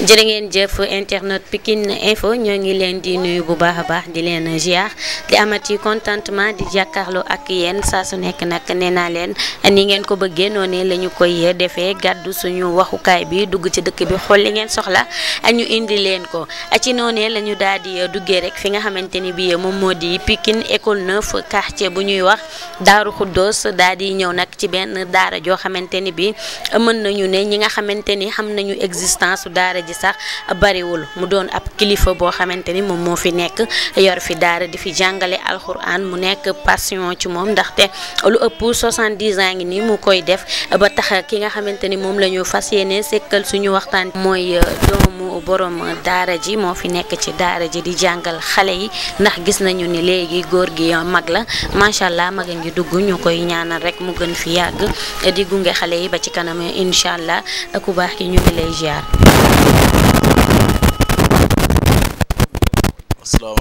jërë ngeen jëf internet Pikine Info ñoo ngi leen di nuyu bu baax a baax di leen ziar di amat amati contentement di jàkkaarloo ak yéen saa su nekk nag nee naa leen ni ngeen ko bëggee noonu la ñu koy defee gàddu suñu waxukaay bi dugg ci dëkk bi xool li ngeen soxla ak ñu indi leen ko ci noone la ñu daal di duggee rek fi nga xamante ni bii moom moo di Pikine école fu quartier bu ñuy wax Daaru Xuddoos daal di ñëw nag ci benn daara joo xamante ni bii mën nañu ne ñi nga xamante ni xam nañu existence daara ji sax bariwul mu doon ab kilifa boo xamante ni moom moo fi nekk yor fi daara di fi jàngale alxuraan mu nekk passion ci moom ndaxte lu ëpp 70 ans ngi nii mu koy def ba tax ki nga xamante ni moom la ñu fas yéene sekkal suñu waxtaan mooy euh, doomu borom daara ji moo fi nekk ci daara ji di jàngal xale yi ndax gis nañu ni léegi góor gi mag la macha allah mag ngi dugg ñu koy ñaanal rek mu gën fi yàgg di gunge xale yi ba ci kanam incha allah ku baax ki ñu ngi lay ziar.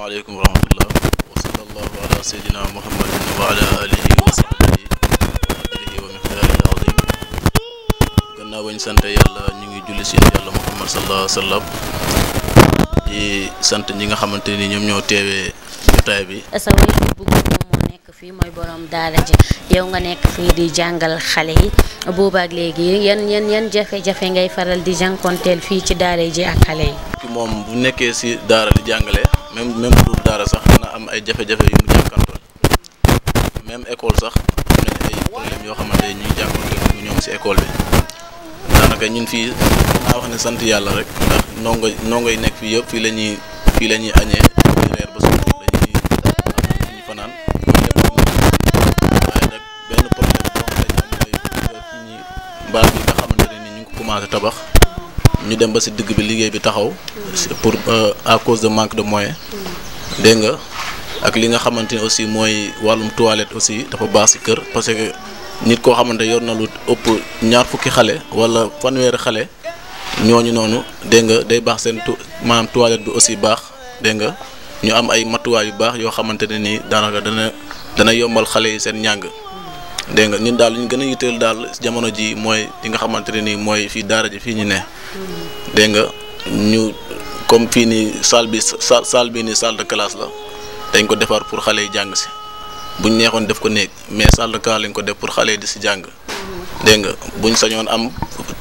alaykum wa rahmatullah wa sallallahu ala sayidina muhammad wa ala alihi wa sahbihi gannaaw bañ sant yàlla ñu ngi julli si yàlla muhammad sallallahu alayhi sant ñi nga xamante ni ñoom ñoo teewee bi sa nekk fii mooy borom daara ji yow nga nekk fii di jàngal xale yi boobaak léegi yan yan yan jafe-jafe ngay faral di jànkonteel fii ci daara ji ak xale yi moom bu nekkee si daara di jàngale même même bu daara sax dina am ay jafe-jafe yu mu jànkantool même école sax am nañ ay problème yoo xamante ñu ngi jànkonteel ñoom si école bi kay ñun fii naa wax ne sant yàlla rek ndax ndongo ndongo yi nekk fii yëpp fii la ñu fanaan benn problème boo xam ne mooy fi ñuy mbaar bi nga xamante ne ni ñu ngi ko tabax ñu dem ba si digg bi liggéey bi taxaw pour euh, à cause de manque de moyens dégg nga ak li nga xamante ne aussi mooy wàllum toilette aussi dafa baax si kër parce nit koo xamante yor na lu ëpp ñaar fukki xale wala fanweeri xale ñoo ñu noonu dégg nga day baax seen tu maanaam toilette bi aussi baax dégg nga ñu am ay matuwaay yu baax yoo xamante ne nii daanaka dana dana yombal xale yi seen njàng. dégg nga ñun daal ñu gën a yitteel daal jamono ji mooy li nga xamante ne nii mooy fii daara ji fii ñu ne. dégg nga ñu comme fii nii salle bi salle bi nii salle de classe la dañ ko defar pour xale yi jàng si. buñ neexoon def ko néeg mais salle cas lañ ko def pour xale di si jàng dégg nga buñ sañoon am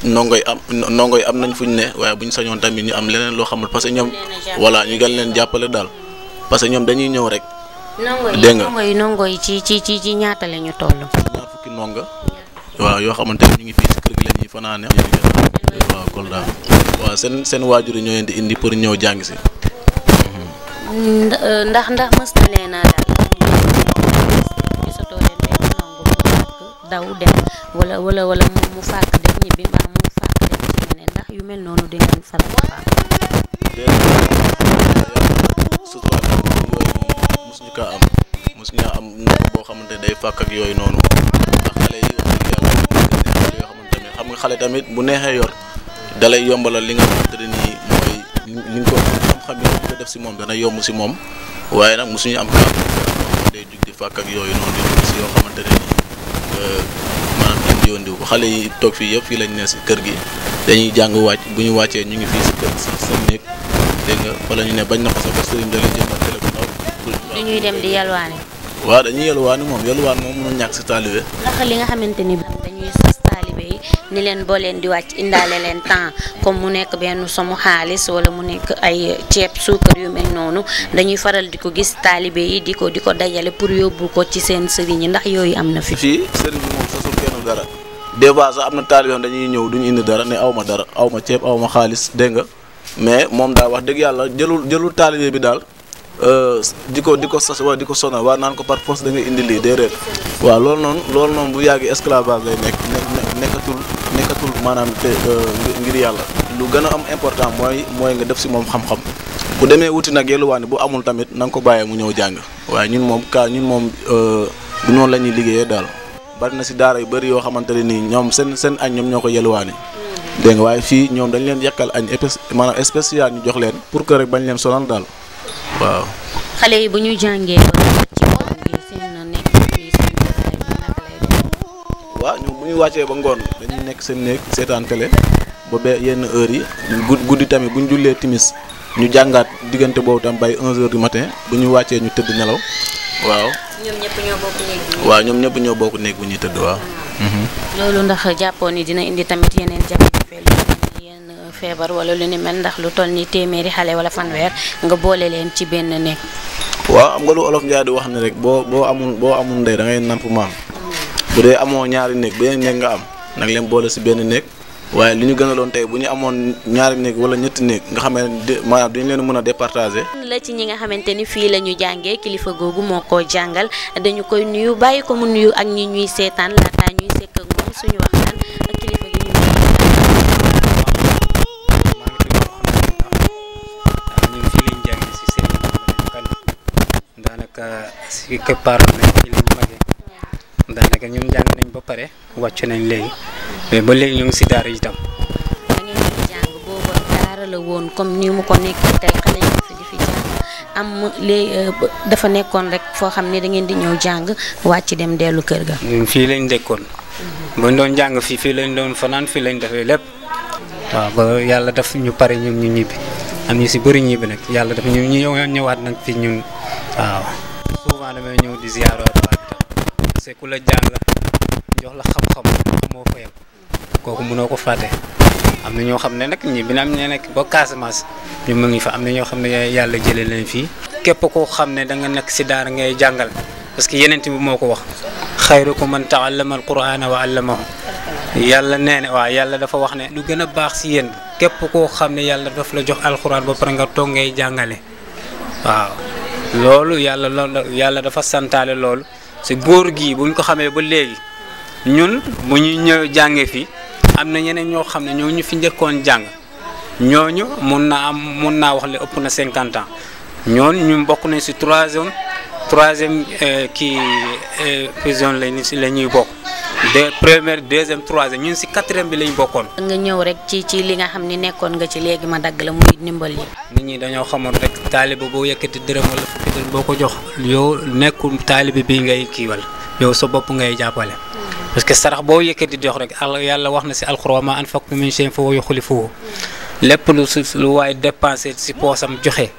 nongo ndongoy am nongo yi am nañ fu ñu ne waaye buñ sañoon tamit ñu am leneen loo xamul parce que ñoom voilà ñu gën leen jàppale daal parce que ñoom dañuy ñëw rek. dégg nga ndongo yi ndongo yi ci ci ci ci ñaata la ñu toll. ñaar fukki waaw yoo xamante ne ñu ngi fii si kër gi la ñuy fanaane waaw Kolda seen seen waajur yi ñoo leen di indi pour ñëw jàng si. daw dem wala wala wala mu fàkk dem ñibbi mbaa mu fàkk dem ci ñeneen ndax yu mel noonu di ngeen faral di fàkk am mos ñu am nekk boo xamante day fàkk ak yooyu noonu ndax xale yi wax dëgg yàlla xale yoo xam nga xale tamit bu neexee yor dalay yombalal li nga xamante ne nii mooy li nga ko xam-xam yi nga def si moom dana yomb si moom waaye nag mosuñu am kaa day jug di fàkk ak yooyu noonu di si yoo maanaam kenn jiwandiwu ko xale yi toog fii yëpp fii lañ ne si kër gi dañuy jàng wàcc bu ñu wàccee ñu ngi fii si kër si seen néeg dégg nga wala ne bañ na ko sax ba sëriñ da leen jëndal téléphone aw dañuy dem di yalwaani waaw dañuy yalwaani moom yalwaan moom mënul ñàkk si taalibe ndax li nga xamante ni dañuy ni leen boo leen di wàcc indaale leen temps comme mu nekk benn somu xaalis wala mu nekk ay ceeb suukar yu mel noonu dañuy faral di ko gis taalibe yi di ko di ko dajale pour yóbbu ko ci seen sëriñ yi ndax yooyu am na fi. fii sëriñ bi moom sosul kenn dara des fois am na taalibe yoo dañuy ñëw duñu indi dara ne aw ma dara aw ma ceeb aw ma xaalis dégg nga mais moom daa wax dëgg yàlla jëlul jëlul taalibe bi daal. Eh, di ko di ko sas waa di ko sonal ko par force da ngay indi lii déedéet waaw loolu noonu loolu noonu bu yàgg esclavage lay nekk nekkatul nekkatul maanaam te eh, ngir yàlla lu gën a am important mooy mooy nga def si moom xam-xam ku demee wuti nag yelluwaani bu amul tamit na ko baye mu ñëw jàng waaye ñun moom kaa ñun moom eh, du noonu la ñuy liggéeyee daal bari na si daara yu bëri yoo xamante ni nii sen sen seen añ ñoom ñoo ko yelluwaani dégg nga waaye fii ñoom dañ leen yàkkal añ maanaam spécial ñu jox leen pour que rek bañ leen sonal waaw xale yi bu ñu jàngee ba ci ngoon bi seen nekk waaw bu ñu wàccee ba ngoon dañuy nekk seen néeg seetaan télé ba be yenn heure yi guddi tamit bu ñu jullee timis ñu jàngaat diggante boobu tam bay 11 heures du matin bu ñu wàccee ñu tëdd nelaw waaw. ñoom ñoom ñëpp ñoo bokk néeg bu ñuy tëdd waaw. Ah. loolu ndax jàppoon ni dina indi tamit yeneen jafe-jafe feebar wala lu ni mel ndax lu toll ni téeméeri xale wala fanweer nga boole leen ci benn nekk. waaw am nga lu olof Njaay di wax ne rek boo boo amul boo amul ndey da ngay namp maam bu dee amoo ñaari néeg beneen nga am nag leen boole si benn néeg waaye li ñu gënaloon tey bu ñu amoon ñaari néeg wala ñetti néeg nga xam ne maanaam duñu leen mën a départager. la ñi nga xamante ni fii la ñu jàngee kilifa googu moo ko jàngal dañu koy nuyu bàyyi ko mu nuyu ak ñi ñuy seetaan laataa ñuy sekk ak suñu wax. daanaka si këppaaroon nañ ci lañ magee daanaka ñoom jàng nañ ba pare wàcc nañ léegi mais ba léegi ñu si daara itam. ñu ngi jàng booba daara woon comme ni mu ko nekkee tey xale yi fi di fi jàng am léegi eh, dafa nekkoon rek foo xam ne da ngeen di ñëw jàng wàcc dem dellu kër ga. Mm, fii lañ dëkkoon. Mhm. buñ doon jàng fii fii lañ doon fanaan fii lañ defee lépp. waaw ba yàlla daf ñu pare ñun ñu ñibbi am ñu si bëri ñibbi nag yàlla daf ñu ñëwaat nag fi ñun waaw. souvent damay ñëw di ziyaaroo Touba Argentine a que la jàng jox la xam-xam xamoo fa kooku mënoo ko fàtte am na ñoo xam ne nag ñi bi na am ne nekk ba Casamance ñu mu ngi fa am na ñoo xam ne yàlla jëlee leen fii képp koo xam ne da nga nekk si daara ngay jàngal parce que yeneen bi moo ko wax ko man taallama a wa allamahu yàlla nee na waaw yàlla dafa wax ne lu gën a baax si yéen képp koo xam ne yàlla daf la jox alquran ba pare nga toog ngay jàngale waaw loolu yàlla loolu yàlla dafa santaale loolu si góor gi buñ ko xamee ba léegi ñun bu ñuy ñëw jànge fii am na ñeneen ñoo xam ne ñoo fi njëkkoon jàng ñooñu mun naa am mun naa wax le ëpp na 50 ans ñoon ñu mbokk nañ si troisième troisième eh, kii fusion eh, lañ la ñuy bokk de première deuxième troisième ñun si quatrième bi lañ bokkoon. nga ñëw rek ci ci li nga xam ni nekkoon nga ci léegi ma dagg la muy ndimbal nit ñi dañoo xamoon rek taalibe boo yëkkati dërëm wala fukki boo ko jox. yow nekkul taalibe bi ngay kiiwal yow sa bopp ngay jàppale. Mm-hmm. parce que sarax boo yëkkati jox rek yàlla wax na si alxuraan ma anfaqtum min shay'in fa huwa yukhlifuhu mm-hmm. lépp lu su lu waaye dépensé si poosam joxe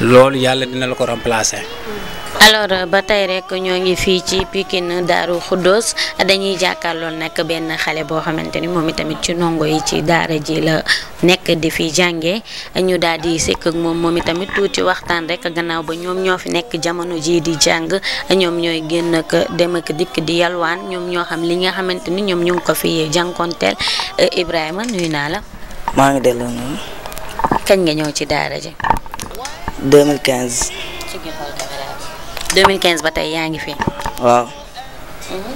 loolu yàlla dina la ko remplacer. Mm-hmm. alors euh, ba tey rek ñoo ngi fii ci Pikine Daaru Xuddoos dañuy jàkkaarlool nag benn xale boo xamante ni moom itamit ci ndongo yi ci daara ji la nekk di fi jànge ñu daal di sekk ak moom moom itamit tuuti waxtaan rek gannaaw ba ñoom ñoo fi nekk jamono jii di jàng ñoom ñooy génn ak dem ak dikk di yalwaan ñoom ñoo xam li nga xamante ni ñoom ñu ngi ko fi jànkonteel euh, Ibrahima nuyu naa la. maa ngi kañ nga ñëw ci daara ji. 2015. 2015 ba tey yaa ngi fi. waaw. Mhm.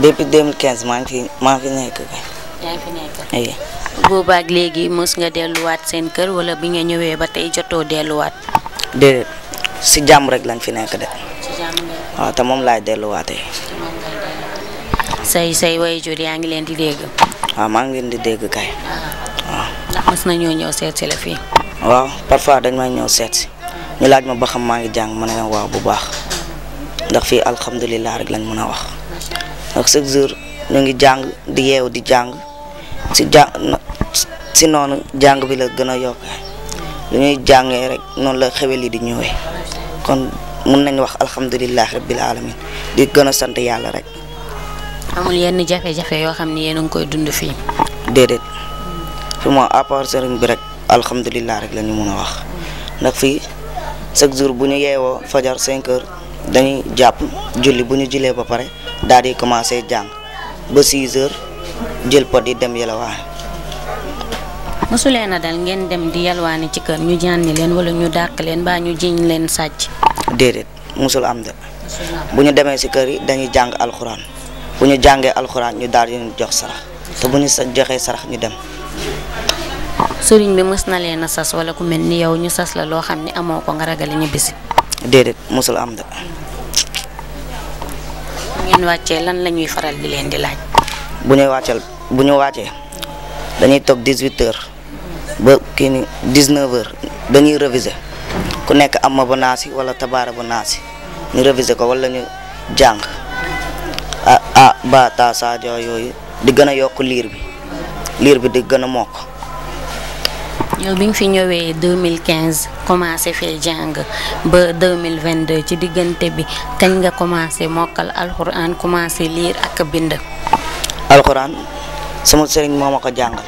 depuis 2015 maa ngi fi maa ngi fi nekk. ngi fi nekk. oui. boobaag léegi mos nga delluwaat seen kër wala bi nga ñëwee ba tey jotoo delluwaat. déedéet si jàmm rek lañ fi nekk de. si waaw te moom laay delluwaatee. say say waajur yaa ngi leen di dégg. waaw maa ngi leen di dégg kay. Ah. waaw ndax mos nañoo ñëw seet la fii. waaw parfois dañ may ñëw seet ñu laaj ma ba xam maa ngi jàng ma ne waaw bu baax ndax fii alhamdulilah rek lañ mën a wax ndax chaque jour ngi jàng di yeew di jàng si jàng noonu jàng bi la gën a yokkee lu ñuy rek noonu la xewel yi di ñëwee kon mun nañ wax alhamdulilah rabbil alamin di gën a sant yàlla rek. amul yenn yoo xam yéen a ngi koy dund fii. déedéet fi mu à part sëriñ bi rek alhamdulilah mën a wax ndax fii. chaque jour bu ñu yeewoo fajar 5 h dañi japp julli bu ñu julee ba paré daal di commencé jang ba 6 h jël pot di dem yelawa mosu dal ngeen dem di yalwaani ci kër ñu jànni leen wala ñu dàq leen ba ñu jign leen sacc dedet musul am de bu ñu demee si kër yi dañi jang alcorane bu ñu jàngee alxuraan ñu daal di jox sarax te bu ñu joxee sarax ñu dem sëriñ bi mës na leen a sas wala ku mel ni yow ñu sas la loo xam ne amoo ko nga ragale ñu bisi déedéet am da ngeen wàccee lan la faral di leen di laaj bu ñuy wàcceel bu ñu wàccee dañuy toog 18 heures ba kii ni 19 heures dañuy réviser ku nekk am ma wala tabaara ba naasi ñu réviser ko wala ñu jàng a ah, a ah, ba ta sadio yooyu di gën a yokk liir bi liir bi di gën a yow biñ fi ñëwee 2015 commencé fee jang ba 2022 ci digënté bi kañ nga commencé mokal alquran commencé lire ak bind alquran sama sëriñ moo ko jangal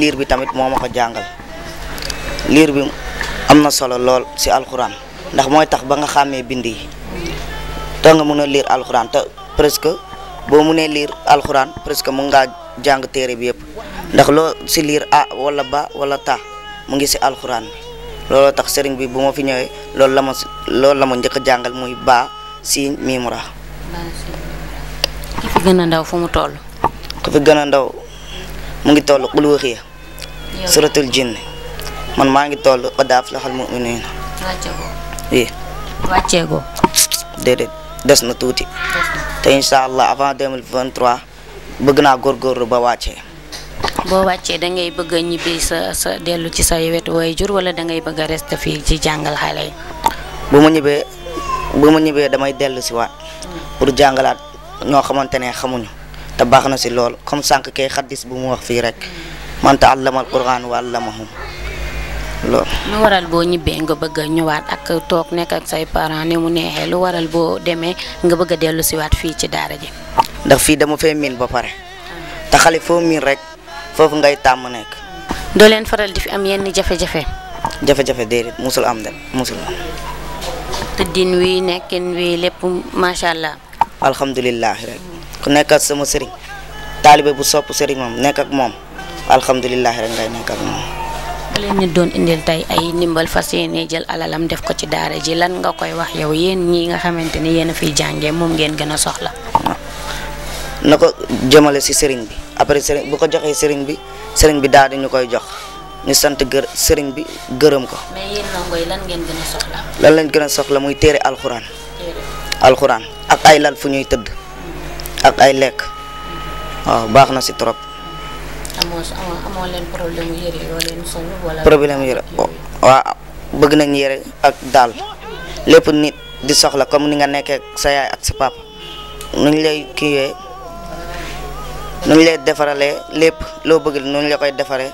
liir bi tamit moo ma ko liir bi amna solo lol si alquran ndax moy tax ba nga xamé bind yi te nga mëna lire alquran te presque bo mëne lire alquran presque mu nga jang téré bi yépp ndax lo si lire a wala ba wala ta mu ngi ci alquran lolo tax serigne bi buma fi ñewé lol la ma lol la ma ñëk jangal muy ba si mimra ki fi gëna ndaw fu mu toll ki fi gëna ndaw mu ngi toll qul wahiya suratul jinn man ma ngi toll qadaf lahal mu'minin wacce go oui wacce go dedet des na tuuti te inshallah avant 2023 bëgg gor gor ba wacce boo wàccee da ngay bëgg a ñibbi sa sa dellu ci say wetu waajur wala da ngay bëgg a reste fii ci jàngal xale yi. bu mu ñibbee bu ma ñibbee damay dellu si waat pour jàngalaat ñoo xamante ne xamuñu te baax na si lool comme sànq kay xaddis bu mu wax fii rek man ta'allama al-Qur'aan wa 'allamahum loolu. lu waral boo ñibbee nga bëgg a ñëwaat ak toog nekk ak say parents ni mu neexee lu waral boo demee nga bëgg a dellu si waat fii ci daara ji. ndax fii dama fee miin ba pare te xale rek. foofu ngay tàmm nekk. doo leen faral di fi am yenn jafe-jafe. jafe-jafe déedéet musul am de musul am. tëddin wi nekkin wi lépp macha allah. alhamdulilah rek ku nekk sama sëriñ taalibe bu sopp sëriñ moom nekk moom alhamdulilah rek ngay nekk ak moom. nga leen ñu doon indil tey ay ndimbal fas yéene jël alalam def ko ci daara ji lan nga koy wax yow yéen ñi nga xamante ni yéen a fiy jàngee moom ngeen gën a soxla. na ko jëmale si sëriñ bi. après bu ko joxee sëriñ bi sëriñ bi daal di ñu koy jox ñu sant gër sëriñ bi gërëm ko. mais yéen gën a soxla. lan lañ gën a soxla muy téere alxuraan. alxuraan ak ay lal fu ñuy tëdd. ak ay lekk. baax na si trop. amoo amoo leen problème yére yére bëgg nañ yére ak daal lépp nit di soxla comme ni nga nekkee sa yaay ak sa papa nuñ lay kiiwee. nu ñu lay defarale lépp loo bëgg nu ñu la koy defaree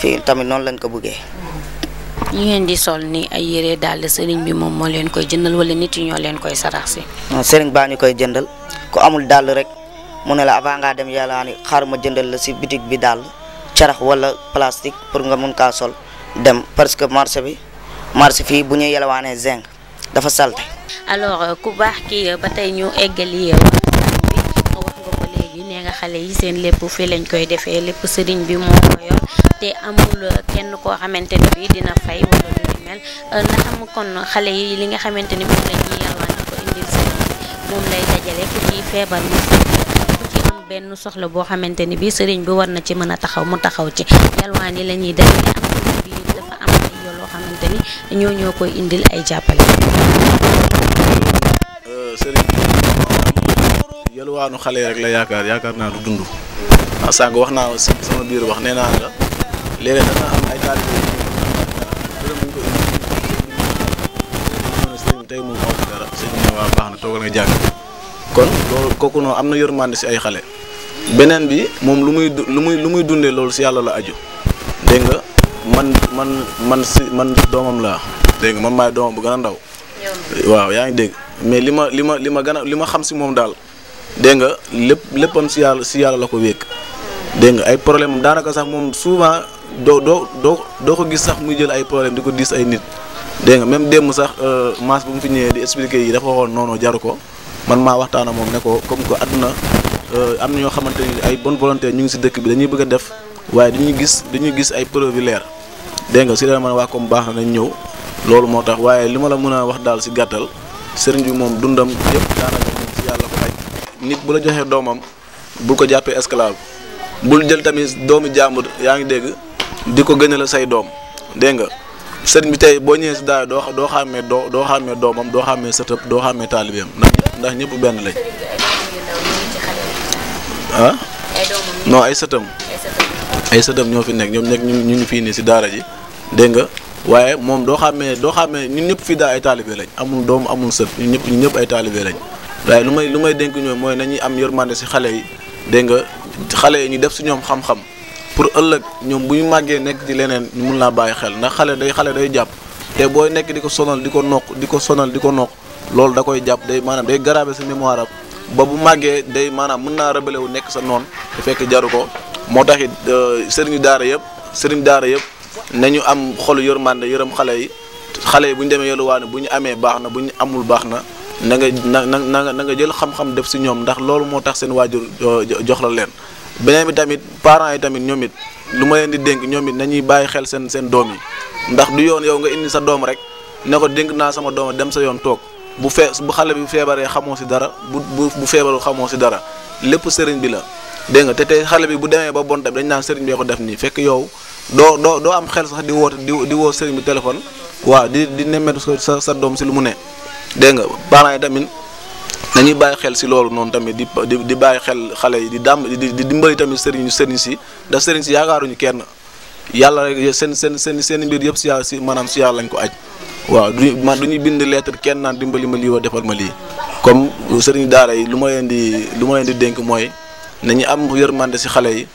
fii tamit noonu lañ ko buggee ñi ngeen di sol ni ay yére daal sëriñ bi moom moo leen koy jëndal wala nit yi ñoo leen koy sarax si. sëriñ baa ñu koy jëndal ku amul dàll rek mu ne la avant ngaa dem yàlla ni ma jëndal la si bitig bi dàll carax wala plastique pour nga mun kaa sol dem parce que marché bi marché fii bu ñuy yelwaanee zinc dafa salte alors ku baax kii ba tey ñu eggali nee nga xalé yi seen lepp fi lañ koy défé lepp sëriñ bi mo ko yor te amul kenn ko xamante bi dina fay wala lu mel na xam kon xalé yi li nga xamante mo lañ la yalla na ko indil sëriñ mom lay dajalé ku ci fébar mu ku ci am benn soxla bo xamante bi sëriñ bi war na ci mëna taxaw mu taxaw ci yalwaan yi la ñuy am bi dafa am ay yoo ñoo ñoo koy indil ay jàppale euh, sëriñ yalwaanu xale yi rek la yaakaar yaakaar naa du dund ndax ah, sànq wax naa si sama biir wax nee naa la léeg-léeg dana am ay taalibe yu ñu tey moom aw dara sëñ baax na toogal nga jàng kon loolu kooku noonu am na yërmande si ay xale beneen bi moom lu muy lu muy lu muy dundee loolu si yàlla la aju dégg nga man man man si man doomam laa dégg nga man maay doomam bu gën a ndaw waaw yaa ngi dégg mais li ma li ma li ma xam si moom daal dégg lepp leppam léppam si yàlla si yàlla la ko wékk ay problème danaka sax mom souvent do do do do ko gis sax muy jël ay problème diko dis ay nit dégg même dem sax euh mass bu mu fi ñëwé di expliquer yi dafa waxoon nono jaru ko man ma waxtana mom ne ko comme que àdduna euh, am na ñoo xamanteni ay bonne volonté ñu ngi ci dëkk bi dañuy bëgg def waye dañuy gis dañuy gis ay preuve leer dégg si dama man comme baax na ñëw lolu motax waye lima la mëna wax dal ci gattal serigne bi mom dundam yépp daanaka nit bu la joxee doomam bul ko jàppee esclave bul jël tamit doomu jàmbur yaa ngi dégg di ko gënal say doom dégg nga sëriñ bi tey boo ñëwee si daay doo doo xàmmee doo doo xàmmee doomam doo xàmmee sëtëb doo xàmmee taalibeem ndax ndax ñëpp benn lañ ah non ay sëtam ay sëtam ñoo fi nekk ñoom nekk ñu ngi fii nii si daara ji dégg nga waaye moom doo xàmmee doo xàmmee ñun ñëpp fii daa ay taalibe lañ amul doom amul sët ñun ñëpp ñun ay taalibe lañ waaye lu may lu may dénk ñoom mooy nañuy am yërmande si xale yi dégg nga xale yi ñu def si ñoom xam-xam pour ëllëg ñoom bu ñu màggee nekk ci leneen ñu mun laa bàyyi xel ndax xale day xale day jàpp te booy nekk di ko sonal di ko noq di ko sonal di ko noq loolu da koy jàpp day maanaam day garaabe sa mémoire am ba bu màggee day maanaam mën naa rebelle wu nekk sa noon te fekk jaru ko moo taxit it euh, sëriñu daara yëpp sëriñu daara yëpp nañu am xolu yërmande yërëm xale yi xale yi bu ñu demee yoluwaane bu ñu amee baax na bu ñu amul baax na na nga na na na nga jël xam-xam def si ñoom ndax loolu moo tax seen waajur jox la leen beneen bi tamit parent yi tamit ñoom it lu ma leen di dénk ñoom it nañuy bàyyi xel seen seen doom yi ndax du yoon yow nga indi sa doom rek ne ko dénk naa sama doom dem sa yoon toog bu fee bu xale bi feebaree xamoo si dara bu bu bu feebaru xamoo si dara lépp sëriñ bi la dégg nga te tey xale bi bu demee ba bon tamit dañ naan sëriñ bi ko def nii fekk yow doo doo doo am xel sax di woote di di woo sëriñ bi téléphone waaw di di nemmeetu sa sa doom si lu mu ne dégg nga parents yi tamit na ñuy bàyyi xel si loolu noonu tamit di di bàyyi xel xale yi di dàmb di dimbali tamit sëriñ sëriñ si da sëriñ si yaakaaruñu kenn yàlla rek seen seen seen seen mbir yëpp si yàlla si maanaam si yàlla lañ ko aj waaw du man du ñuy bind lettre kenn naan dimbali ma lii wa defal ma lii comme sëriñ daara yi lu ma leen di lu ma di dénk mooy nañu am yërmande si xale yi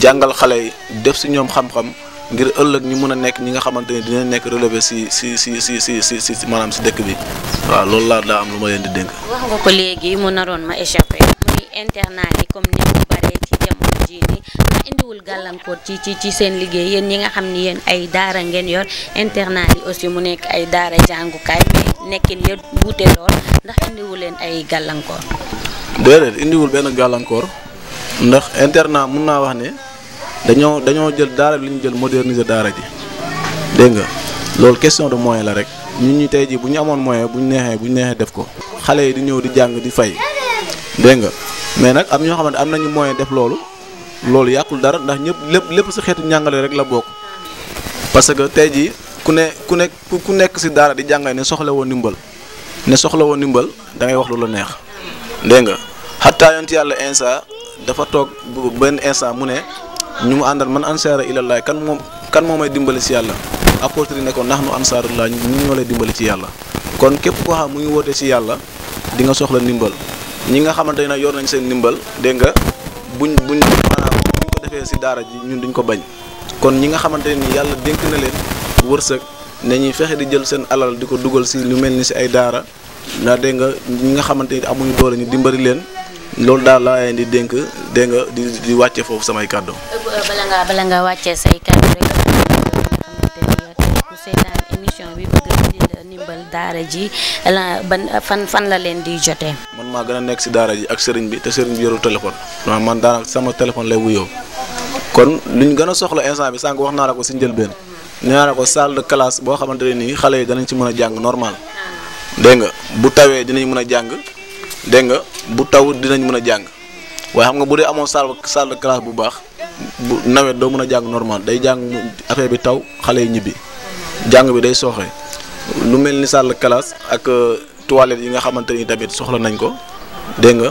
jàngal xale yi def si ñoom xam-xam. ngir ëllëg ñu mun a nekk ñi nga xamante ni dina nekk relevé si si si si si si si dëkk bi waaw loolu laa daa am lu ma leen di dénk. wax nga ko léegi mu naroon ma échappé muy internat yi comme ni indiwul gàllankoor ci ci ci seen liggéey yéen ñi nga xam ni yéen ay daara ngeen yor internat yi aussi mu nekk ay daara jàngukaay mais nekkin yéen wuute lool ndax indiwul leen ay gàllankoor. déedéet indiwul benn gàllankoor ndax internat mun naa wax ne. dañoo dañoo jël daara li ñu jël moderniser daara ji dégg nga loolu question de moyen la rek ñu ñi tey ji bu ñu amoon moyen bu ñu neexee bu ñu def ko xale yi di ñëw di jàng di fay dégg nga mais nag am ñoo xamante am nañu moyen def loolu loolu yàqul dara ndax ñëpp lépp lépp si xeetu njàngale rek la bokk parce que tey jii ku ne ku ne ku nekk si daara di jàngale ne soxla woon ndimbal ne soxla woon ndimbal dangay wax lu la neex dégg nga xataa yàlla instant dafa toog benn instant mu ne ñu mu àndal man ila ilallah kan mo kan moo may dimbali ci yalla apôtre ne ko nahnu nu allah ñu ñoo lay dimbali ci yalla kon kep ko xam mu ngi woote ci yalla di nga soxla ndimbal ñi nga xamante na yor nañ seen nimbal de nga buñ buñ buñ ko defé ci dara ji ñun duñ ko bañ kon ñi nga xamante ni yalla denk na leen wërsëg nañuy fexé di jël seen alal di duggal ci lu melni ci ay dara na de nga ñi nga xamante amuñu doole ñu dimbali leen loolu daal laa leen di dénk dégg nga di di wàcce foofu samay kàddu. bala nga bala wàccee say kàddu rek ku émission bi bëgg a ndimbal ban fan fan la leen di jotee. man maa gën a nekk si daara ji ak sëriñ bi te sëriñ bi yoru téléphone. waaw man daanaka sama téléphone lay wuyoo kon lu ñu gën a soxla instant bi sànq wax naa la ko si njëlbeen. nee naa la ko salle de boo xamante ne nii xale yi danañ ci mën a jàng normal. dégg nga bu tawee dinañ mën a jàng. dégg nga bu taw dinañ mën a jàng waaye xam nga bu dee amoon salle salle de bu baax bu nawet doo mën a jàng normal day jàng affaire bi taw xale yi ñibbi jàng bi day sooxe lu mel ni salle de classe ak euh, toilette yi nga xamante ni tamit soxla nañ ko dégg nga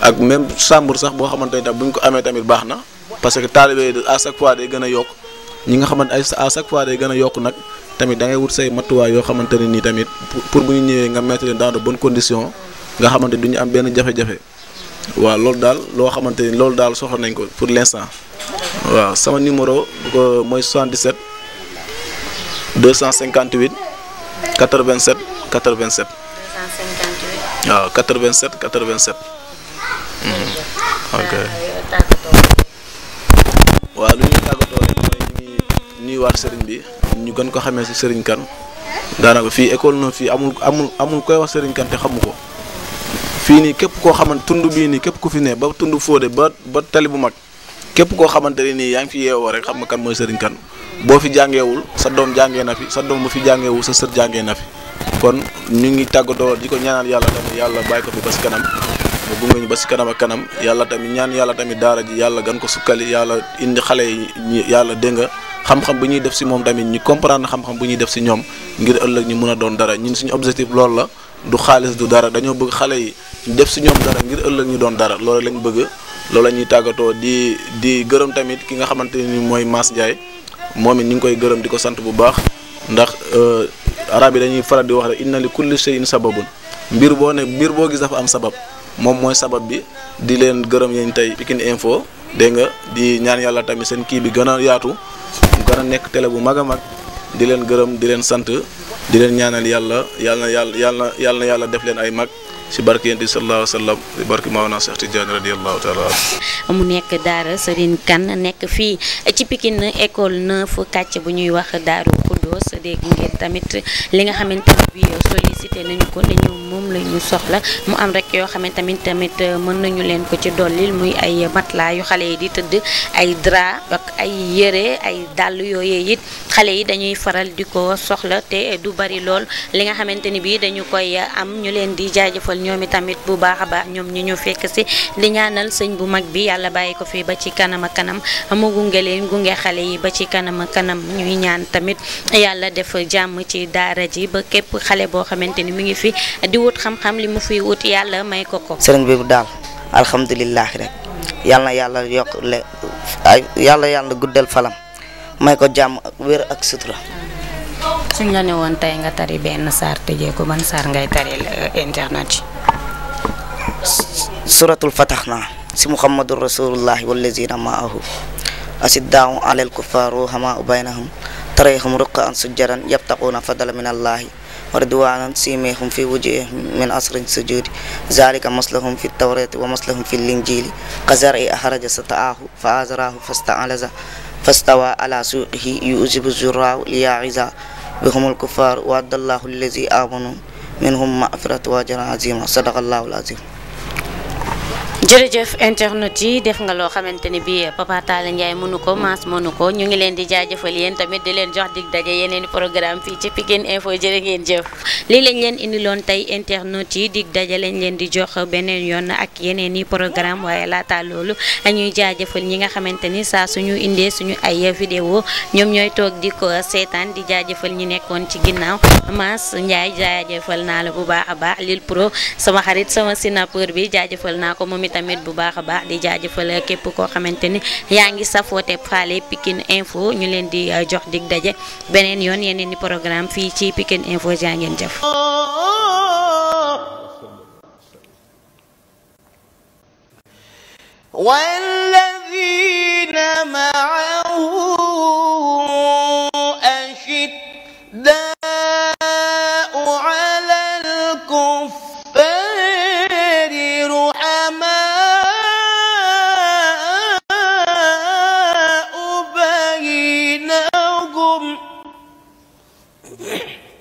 ak même chambre sax boo xamante ni tam bu ñu ko amee tamit baax na parce que taalibe à chaque fois day gën a yokk ñi nga xamante ay à chaque fois day gën a yokk nag tamit da ngay wut say matuwaay yoo xamante ne nii tamit pour bu ñu ñëwee nga mettre leen dans de bonnes nga xamante du ñu am benn jafe-jafe waaw loolu daal loo xamante ni loolu daal soxla nañ ko pour l'instant waaw sama numéro mooy 77 258 87 87. 258. lu ñuy tàggatoo rek mooy ñuy sëriñ bi ñu gën ko xamee ci sëriñ kan daanaka fii école na fii amul amul amul koy wax sëriñ kan te xamu ko. fii nii képp koo xamante tund bii nii képp ku fi ne ba tund Fodé ba ba tali bu mag képp koo xamante ne nii yaa ngi fi yeewoo rek xam nga kan mooy Serigne kan boo fi jàngewul sa doom jàngee na fi sa doom bu fi jàngeewul sa sër jàngee na fi kon ñu ngi tàggatoo di ko ñaanal yàlla tamit yàlla bàyyi ko fi ba si kanam mu gunge ñu ba si kanam ak kanam yàlla tamit ñaan yàlla tamit daara ji yàlla gan ko sukkali yàlla indi xale yi yàlla dégg nga xam-xam bu ñuy def si moom tamit ñu comprendre xam-xam bu ñuy def si ñoom ngir ëllëg ñu mën a doon dara ñun suñu objectif loolu la du xaalis du dara dañoo bëgg xale yi def si ñoom dara ngir ëllëg ñu doon dara loolu lañ bëgg loolu la ñuy tàggatoo di di gërëm tamit ki nga xamante ni mooy Mass Ndiaye moom it ñu ngi koy gërëm di ko sant bu baax ndax euh, arab yi dañuy faral di wax rek inna li kulli shay'in sababun mbir boo ne mbir boo gis dafa am sabab moom mooy sabab bi di leen gërëm yéen tey Pikine Info dénga di ñaan yàlla tamit seen kii bi gën a yaatu gën a nekk télé bu mag a mag di leen gërëm di leen sant di leen ñaanal yàlla yàlla yàlla yàlla yàlla yàlla def leen ay mag ci barke yonent bi sallallahu alayhi wa sallam ci barke Maodo Cheikh Tidiane radiyallahu taala mu nekk Daara Serigne Kane nekk fii ci Pikine école fu kàcc bu ñuy wax Daaru Rose dégg ngeen tamit li nga xamante ne bi sollicité nañu ko dañu moom la soxla mu am rek yoo xamante tamit tamit mën nañu leen ko ci dollil muy ay matelas yu xale yi di tëdd ay drap ak ay yére ay dàll yooyee it xale yi dañuy faral di ko soxla te du bari lool li nga xamante ni bi dañu koy am ñu leen di jaajëfal ñoom i tamit bu baax a baax ñoom ñu ñu fekk si di ñaanal sëñ bu mag bi yàlla bàyyi ko fii ba ci kanam a kanam mu gunge gunge xale yi yàlla def jàmm ci daara ji ba képp xale boo xamante ni mu ngi fi di wut xam-xam li mu fi wut yàlla may ko ko. sëriñ bi daal alhamdulilah rek yàlla na yàlla yokk falam may ko jàmm wér ak sutura. suñ la ne woon tey nga tari benn saar tëjee ko ban saar ngay tari internet yi. suratul fatax naa si muhammadur rasulullahi wallazina maahu asiddaaw alal kuffaaru hamaa baynahum تريهم رقعا سجرا يبتقون فضلا من الله وردوانا سيميهم في وجوههم من أصر السجود ذلك مثلهم في التوراة ومثلهم في الإنجيل قزر أخرج سطعه فآزراه فاستعلز فاستوى على سوقه يؤذب الزراع ليعز بهم الكفار وعد الله الذي آمنوا منهم مغفرة وأجرا عظيما صدق الله العظيم jërëjëf internet yi def nga loo xamante ni bi Papa Talla Ndiaye mënu ko maas mënu ko ñu ngi leen di jaajëfal yéen tamit di leen jox dig daje yeneen programme fii ci Pikine Info jërë ngeen jëf lii lañ leen indi loon tey internet yi dig daje lañ leen di jox beneen yoon ak yeneen i programme waaye laata loolu añuy jaajëfal ñi nga xamante ni saa suñu indee suñu ay vidéo ñoom ñooy toog di ko seetaan di jaajëfal ñi nekkoon ci ginnaaw maas jaajëfal naa la bu baax baax lil Pro sama xarit sama sinapeur bi jaajëfal naa ko moom tamit bu baax a baax di jaajëfal képp koo xamante ni yaa ngi safoote faale Pikine Info ñu leen di euh, jox dig daje beneen yoon yeneen ni programme fii ci Pikine Info yaa ngeen jëf. Yeah.